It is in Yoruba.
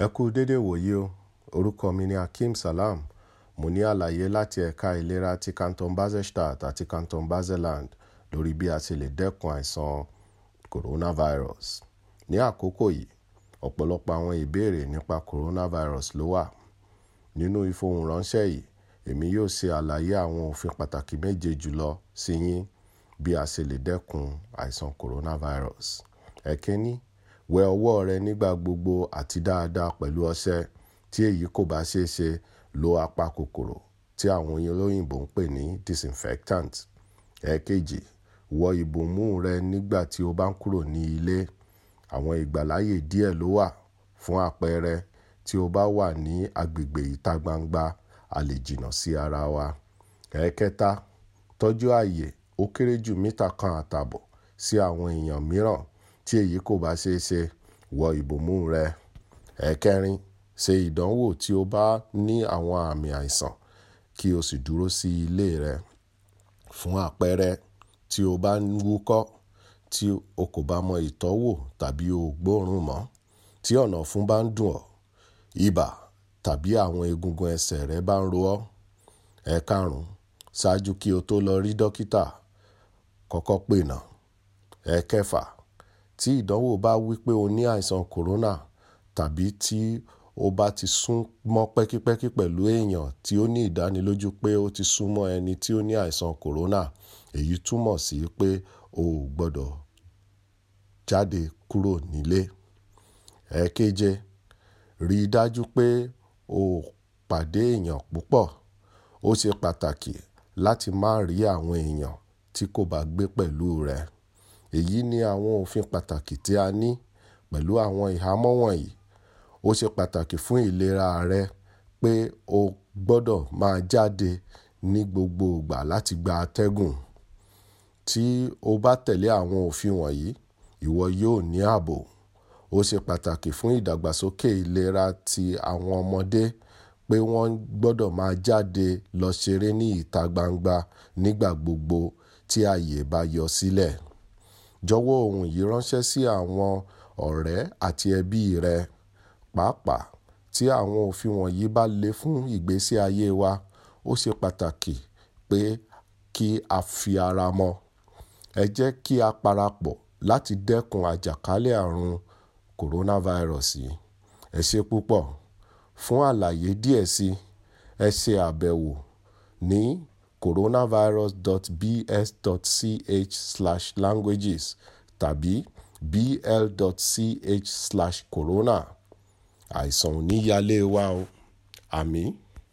Ẹ kú dédé ìwòyí o, orúkọ mi ni Hakeem Salam. Mo ní àlàyé láti ẹ̀ka ìlera ti Canton Basel-Stadt àti Canton basel lórí bí a ṣe lè dẹ́kun àìsàn coronavirus. Ní àkókò yìí, ọ̀pọ̀lọpọ̀ àwọn ìbéèrè nípa coronavirus ló wà. Nínú ìfohùnránṣẹ́ yìí, èmi yóò ṣe àlàyé àwọn òfin pàtàkì méje jùlọ sí yín bí a ṣe lè dẹ́kun àìsàn coronavirus. Ẹ̀kíní wẹ ọwọ́ rẹ nígbà gbogbo àti dáadáa pẹ̀lú ọṣẹ tí èyí kò bá ṣeé ṣe lo apakòkòrò tí àwọn olóyìnbó ń pè ní disinfectant. ẹ̀ẹ̀kejì wọ ìbòmú rẹ nígbà tí o bá ń kúrò ní ilé. àwọn ìgbàláyè díẹ̀ ló wà fún àpẹẹrẹ tí o bá wà ní agbègbè ìta gbangba a lè jìnnà sí ara wa. ẹ̀ẹ̀kẹta tọ́jú ààyè ó kéré jù mítà kan àtààbọ̀ sí àwọn èèyàn mìíràn tí èyí kò bá ṣeé ṣe wọ ìbòmú rẹ. ẹ̀kẹrin ṣe ìdánwò tí o bá ní àwọn àmì àìsàn kí o sì dúró sí ilé rẹ. fún àpẹẹrẹ tí o bá ń wúkọ́ tí o kò bá mọ ìtọ́wò tàbí o gbóòórùn mọ́ tí ọ̀nàfun bá ń dùn ọ́ ibà tàbí àwọn egungun ẹsẹ̀ rẹ bá ń ro ọ́. ẹ̀karùn ṣáájú kí o tó lọ rí dókítà kọ́kọ́ pè náà. ẹ̀kẹfà tí ìdánwò bá wí pé o ní àìsàn kòrónà tàbí tí o bá ti sún mọ́ pẹ́kípẹ́kí pẹ̀lú èèyàn tí ó ní ìdánilójú pé ó ti sún mọ́ ẹni tí ó ní àìsàn kòrónà èyí túmọ̀ sí pé o ò gbọ́dọ̀ jáde kúrò nílé. ẹ̀ẹ̀keje rí i dájú pé o pàdé èèyàn púpọ̀ ó ṣe pàtàkì láti má rí àwọn èèyàn tí kò bá gbé pẹ̀lú rẹ. Èyí ni àwọn òfin pàtàkì tí a ní pẹ̀lú àwọn ìhámọ́ wọ̀nyí. Ó ṣe pàtàkì fún ìlera rẹ pé o gbọ́dọ̀ máa jáde ní gbogbo ìgbà láti gba atẹ́gùn. Tí o bá tẹ̀lé àwọn òfin wọ̀nyí, ìwọ yóò ní ààbò. Ó ṣe pàtàkì fún ìdàgbàsókè ìlera ti àwọn ọmọdé pé wọ́n gbọ́dọ̀ máa jáde lọ ṣeré ní ìta gbangba nígbà gbogbo tí ààyè bá yọ sílẹ̀ jọ̀wọ́ ohun yìí ránṣẹ́ sí àwọn ọ̀rẹ́ àti ẹbí rẹ pàápàá tí àwọn òfin wọ̀nyí bá le fún ìgbésí ayé wa ó ṣe pàtàkì pé kí a fi ara mọ́ ẹ jẹ́ kí a parapọ̀ láti dẹ́kun àjàkálẹ̀ àrùn coronavirus yìí ẹ ṣe púpọ̀ fún àlàyé díẹ̀ sí ẹ ṣe àbẹ̀wò ní coronavirus.bs.ch/languages tàbí bl.ch/corona. Àìsàn ò ní yá ilé wa o. Àmín.